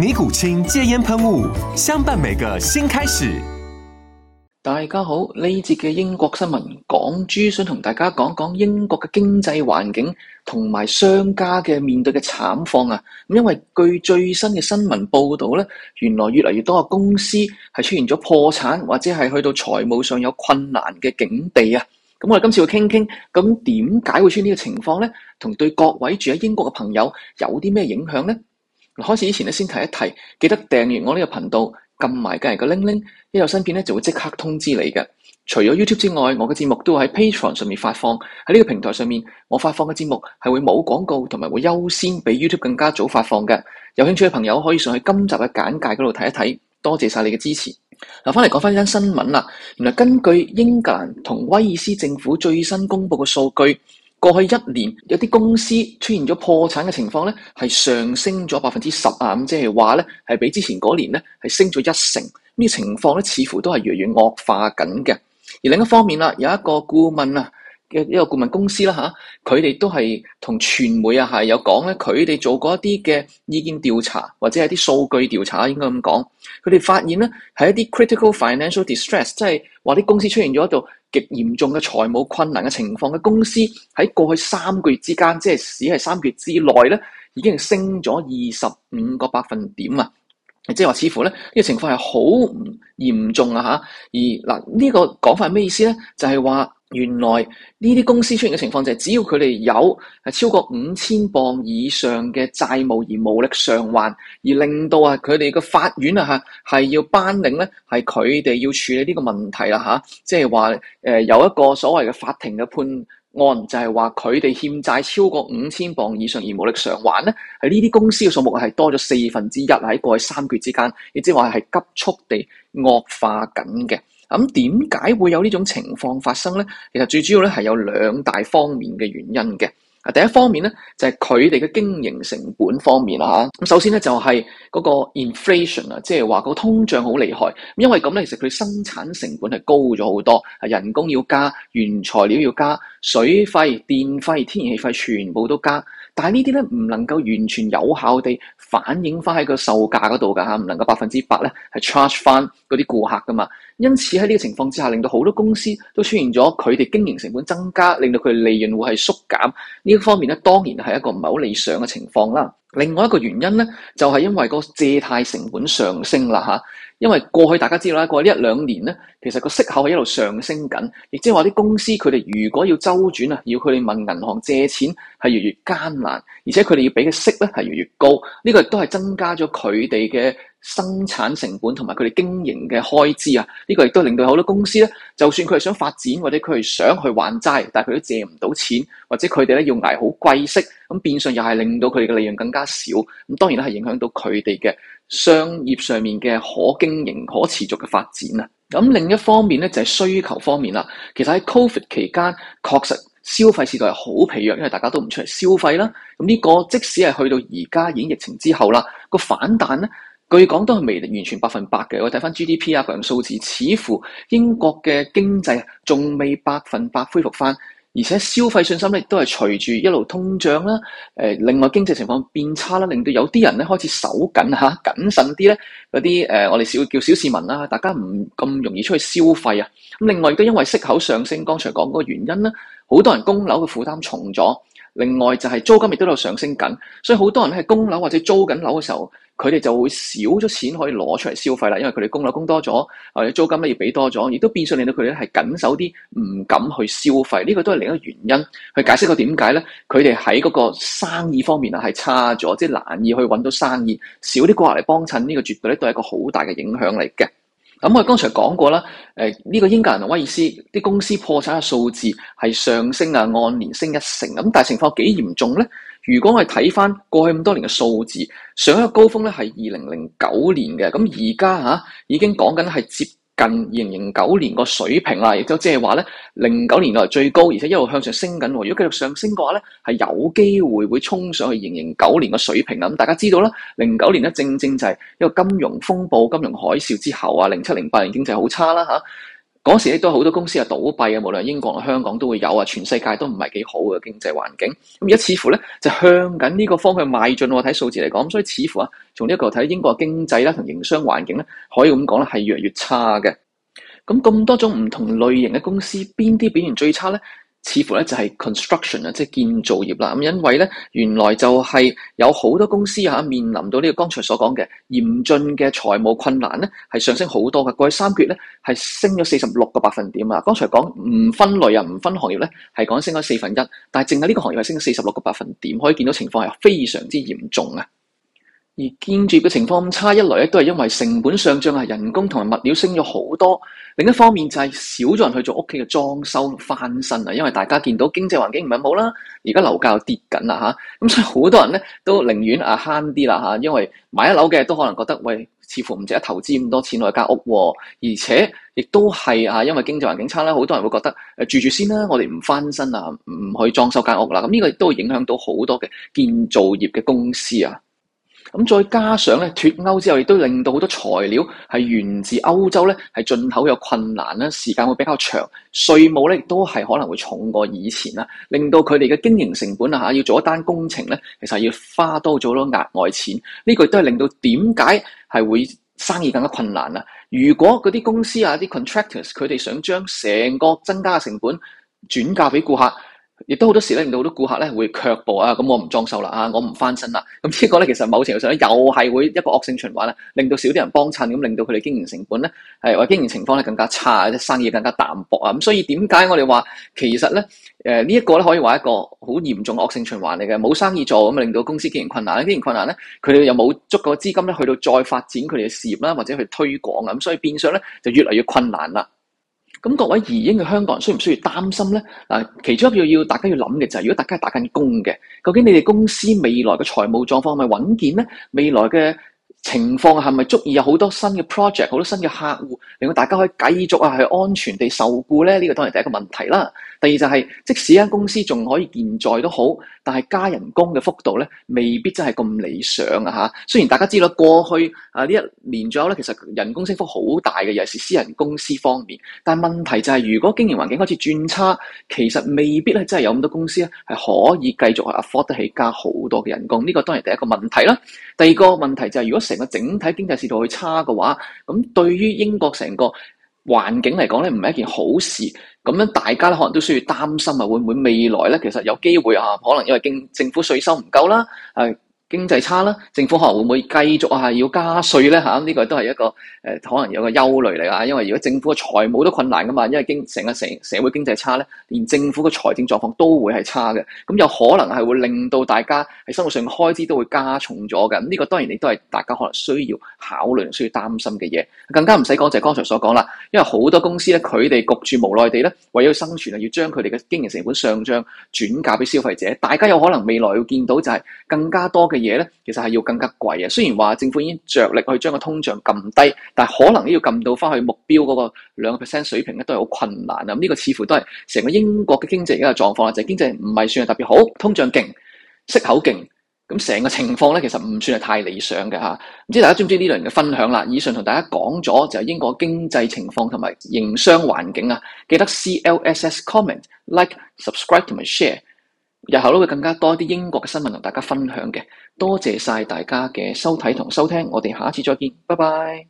尼古清戒煙噴霧，相伴每個新開始。大家好，呢節嘅英國新聞，港豬想同大家講講英國嘅經濟環境同埋商家嘅面對嘅慘況啊！咁因為據最新嘅新聞報道咧，原來越嚟越多嘅公司係出現咗破產或者係去到財務上有困難嘅境地啊！咁、嗯、我哋今次要傾傾，咁點解會出現呢個情況咧？同對各位住喺英國嘅朋友有啲咩影響咧？開始之前先提一提，記得訂閱我呢個頻道，撳埋隔籬個鈴鈴，一有新片就會即刻通知你嘅。除咗 YouTube 之外，我嘅節目都會喺 Patreon 上面發放喺呢個平台上面，我發放嘅節目係會冇廣告，同埋會優先比 YouTube 更加早發放嘅。有興趣嘅朋友可以上去今集嘅簡介嗰度睇一睇。多謝晒你嘅支持。嗱，翻嚟講翻呢單新聞啦。原來根據英格蘭同威爾斯政府最新公布嘅數據。過去一年有啲公司出現咗破產嘅情況咧，係上升咗百分之十啊，咁即係話咧係比之前嗰年咧係升咗一成。呢、這個情況咧似乎都係越嚟越惡化緊嘅。而另一方面啦，有一個顧問啊嘅一個顧問公司啦吓，佢、啊、哋都係同傳媒啊係有講咧，佢哋做過一啲嘅意見調查或者係啲數據調查應該咁講，佢哋發現咧係一啲 critical financial distress，即係話啲公司出現咗一度。極嚴重嘅財務困難嘅情況嘅公司喺過去三個月之間，即係只係三個月之內呢已經升咗二十五個百分點啊！即係話似乎咧呢個情況係好嚴重啊。而嗱呢個講法係咩意思呢？就係話。原來呢啲公司出現嘅情況就係，只要佢哋有係超過五千磅以上嘅債務而無力償還，而令到啊佢哋嘅法院啊嚇係要頒令咧，係佢哋要處理呢個問題啦吓，即係話誒有一個所謂嘅法庭嘅判案，就係話佢哋欠債超過五千磅以上而無力償還咧，係呢啲公司嘅數目係多咗四分之一喺過去三個月之間，亦即係話係急速地惡化緊嘅。咁點解會有呢種情況發生咧？其實最主要咧係有兩大方面嘅原因嘅。啊，第一方面咧就係佢哋嘅經營成本方面啊。咁首先咧就係、是、嗰個 inflation 啊，即係話個通脹好厲害。因為咁咧，其實佢生產成本係高咗好多，係人工要加、原材料要加、水費、電費、天然氣費全部都加。但係呢啲咧唔能夠完全有效地反映翻喺個售價嗰度㗎嚇，唔能夠百分之百咧係 charge 翻嗰啲顧客㗎嘛。因此喺呢個情況之下，令到好多公司都出現咗佢哋經營成本增加，令到佢哋利潤會係縮減呢個方面咧，當然係一個唔係好理想嘅情況啦。另外一個原因咧，就係因為個借貸成本上升啦嚇。因為過去大家知道啦，過去呢一兩年咧，其實個息口係一路上升緊，亦即係話啲公司佢哋如果要周轉啊，要佢哋問銀行借錢係越越艱難，而且佢哋要俾嘅息咧係越越高，呢個亦都係增加咗佢哋嘅。生產成本同埋佢哋經營嘅開支啊，呢個亦都令到好多公司咧，就算佢係想發展或者佢係想去還債，但係佢都借唔到錢，或者佢哋咧要捱好貴息，咁變相又係令到佢哋嘅利潤更加少。咁當然啦，係影響到佢哋嘅商業上面嘅可經營可持續嘅發展啊。咁另一方面咧就係需求方面啦。其實喺 Covid 期間，確實消費市道係好疲弱，因為大家都唔出嚟消費啦。咁呢個即使係去到而家已經疫情之後啦，個反彈咧。據講都係未完全百分百嘅。我睇返 GDP 啊，個人數字似乎英國嘅經濟仲未百分百恢復返，而且消費信心咧都係隨住一路通脹啦、呃。另外經濟情況變差啦，令到有啲人咧開始手緊嚇，啊、謹慎啲咧嗰啲我哋小叫小市民啦，大家唔咁容易出去消費啊。另外亦都因為息口上升，剛才講嗰個原因咧，好多人供樓嘅負擔重咗。另外就係租金亦都有上升緊，所以好多人咧係供樓或者租緊樓嘅時候，佢哋就會少咗錢可以攞出嚟消費啦，因為佢哋供樓供多咗，或者租金咧要俾多咗，亦都變相令到佢哋係緊守啲，唔敢去消費。呢個都係另一個原因去解釋個點解咧，佢哋喺嗰個生意方面啊係差咗，即難以去揾到生意，少啲過嚟幫襯，呢個絕對咧都係一個好大嘅影響嚟嘅。咁我哋剛才講過啦，誒、呃，呢、這個英格蘭同威爾斯啲公司破產嘅數字係上升啊，按年升一成咁，但係情況幾嚴重咧？如果我哋睇翻過去咁多年嘅數字，上一個高峰咧係二零零九年嘅，咁而家吓已經講緊係接。近二零零九年個水平啊，亦都即係話咧，零九年來最高，而且一路向上升緊。如果繼續上升嘅話咧，係有機會會衝上去二零零九年個水平啊！咁大家知道啦，零九年咧正正就係一個金融風暴、金融海嘯之後啊，零七零八年經濟好差啦嚇。嗰時亦都係好多公司啊倒閉啊，無論英國香港都會有啊，全世界都唔係幾好嘅經濟環境。咁而家似乎咧就向緊呢個方向邁進。我睇數字嚟講，嗯，所以似乎啊，從呢個角度睇，英國嘅經濟啦同營商環境咧，可以咁講咧係越嚟越差嘅。咁、嗯、咁多種唔同類型嘅公司，邊啲表現最差呢？似乎咧就係 construction 即係建造業啦。咁因為呢，原來就係有好多公司吓、啊、面臨到呢個剛才所講嘅嚴峻嘅財務困難呢，係上升好多嘅。過去三個月呢，係升咗四十六個百分點啊。剛才講唔分類又唔分行業呢，係講升咗四分一，但係淨係呢個行業係升咗四十六個百分點，可以見到情況係非常之嚴重啊。而建築嘅情況咁差，一來都係因為成本上漲，係人工同埋物料升咗好多；另一方面就係少咗人去做屋企嘅裝修翻新啊，因為大家見到經濟環境唔係好啦，而家樓價又跌緊啦嚇，咁、啊、所以好多人咧都寧願省省啊慳啲啦嚇，因為買一樓嘅都可能覺得喂，似乎唔值得投資咁多錢去間屋、啊，而且亦都係啊，因為經濟環境差啦，好多人會覺得誒、啊、住住先啦，我哋唔翻身啊，唔去裝修間屋啦，咁呢個亦都會影響到好多嘅建造業嘅公司啊。再加上呢脱歐之後，亦都令到好多材料係源自歐洲呢，係進口有困難咧，時間會比較長，稅務呢都係可能會重過以前。令到佢哋嘅經營成本啊，要做一單工程呢，其實要花多咗好多額外錢。呢個都係令到點解係會生意更加困難。如果嗰啲公司啊、啲 contractors，佢哋想將成個增加嘅成本轉嫁俾顧客。亦都好多時令到好多顧客咧會卻步啊！咁我唔裝修啦，啊，我唔翻新啦。咁呢個咧，其實某程度上咧，又係會一個惡性循環咧，令到少啲人幫襯，咁令到佢哋經營成本咧，係話經營情況咧更加差，即生意更加淡薄啊！咁所以點解我哋話其實咧，誒呢一個咧可以話一個好嚴重惡性循環嚟嘅，冇生意做咁令到公司經營困難咧，經營困難咧，佢哋又冇足夠資金咧去到再發展佢哋嘅事業啦，或者去推廣啊，咁所以變相咧就越嚟越困難啦。咁各位移英嘅香港人需唔需要擔心呢？其中一個要，要大家要諗嘅就係、是，如果大家係打緊工嘅，究竟你哋公司未來嘅財務狀況係咪穩健呢？未來嘅。情況係咪足以有好多新嘅 project、好多新嘅客戶，令到大家可以繼續啊去安全地受雇呢？呢、呢個當然第一個問題啦。第二就係、是，即使間公司仲可以健在都好，但係加人工嘅幅度咧，未必真係咁理想啊吓，雖然大家知道過去啊呢一年左右咧，其實人工升幅好大嘅，尤其係私人公司方面。但係問題就係、是，如果經營環境開始轉差，其實未必咧真係有咁多公司咧係可以繼續係 afford 得起加好多嘅人工。呢、呢個當然第一個問題啦。第二個問題就係、是、如果。成個整體經濟市道去差嘅話，咁對於英國成個環境嚟講咧，唔係一件好事。咁樣大家咧可能都需要擔心啊，會唔會未來咧其實有機會啊？可能因為政政府稅收唔夠啦，誒。經濟差啦，政府可能會唔會繼續啊要加稅咧嚇？呢、啊這個都係一個誒、呃，可能有個憂慮嚟啊，因為如果政府嘅財務都困難㗎嘛，因為經成個社社會經濟差咧，連政府嘅財政狀況都會係差嘅。咁有可能係會令到大家喺生活上嘅開支都會加重咗嘅。呢、這個當然你都係大家可能需要考慮、需要擔心嘅嘢。更加唔使講就係剛才所講啦，因為好多公司咧，佢哋焗住無奈地咧，為咗生存啊，要將佢哋嘅經營成本上漲轉嫁俾消費者。大家有可能未來會見到就係更加多嘅。嘢咧，其實係要更加貴啊。雖然話政府已經着力去將個通脹撳低，但係可能要撳到翻去目標嗰個兩個 percent 水平咧，都係好困難啊！咁、嗯、呢、呢個似乎都係成個英國嘅經濟而家嘅狀況啦。就係、經濟唔係算係特別好，通脹勁，息口勁，咁成個情況咧，其實唔算係太理想嘅嚇。唔、啊、知大家知唔知呢輪嘅分享啦？以上同大家講咗就係英國經濟情況同埋營商環境啊。記得 CLSS comment like subscribe 同埋 share。日後都會更加多啲英國嘅新聞同大家分享嘅，多謝晒大家嘅收睇同收聽，我哋下次再見，拜拜。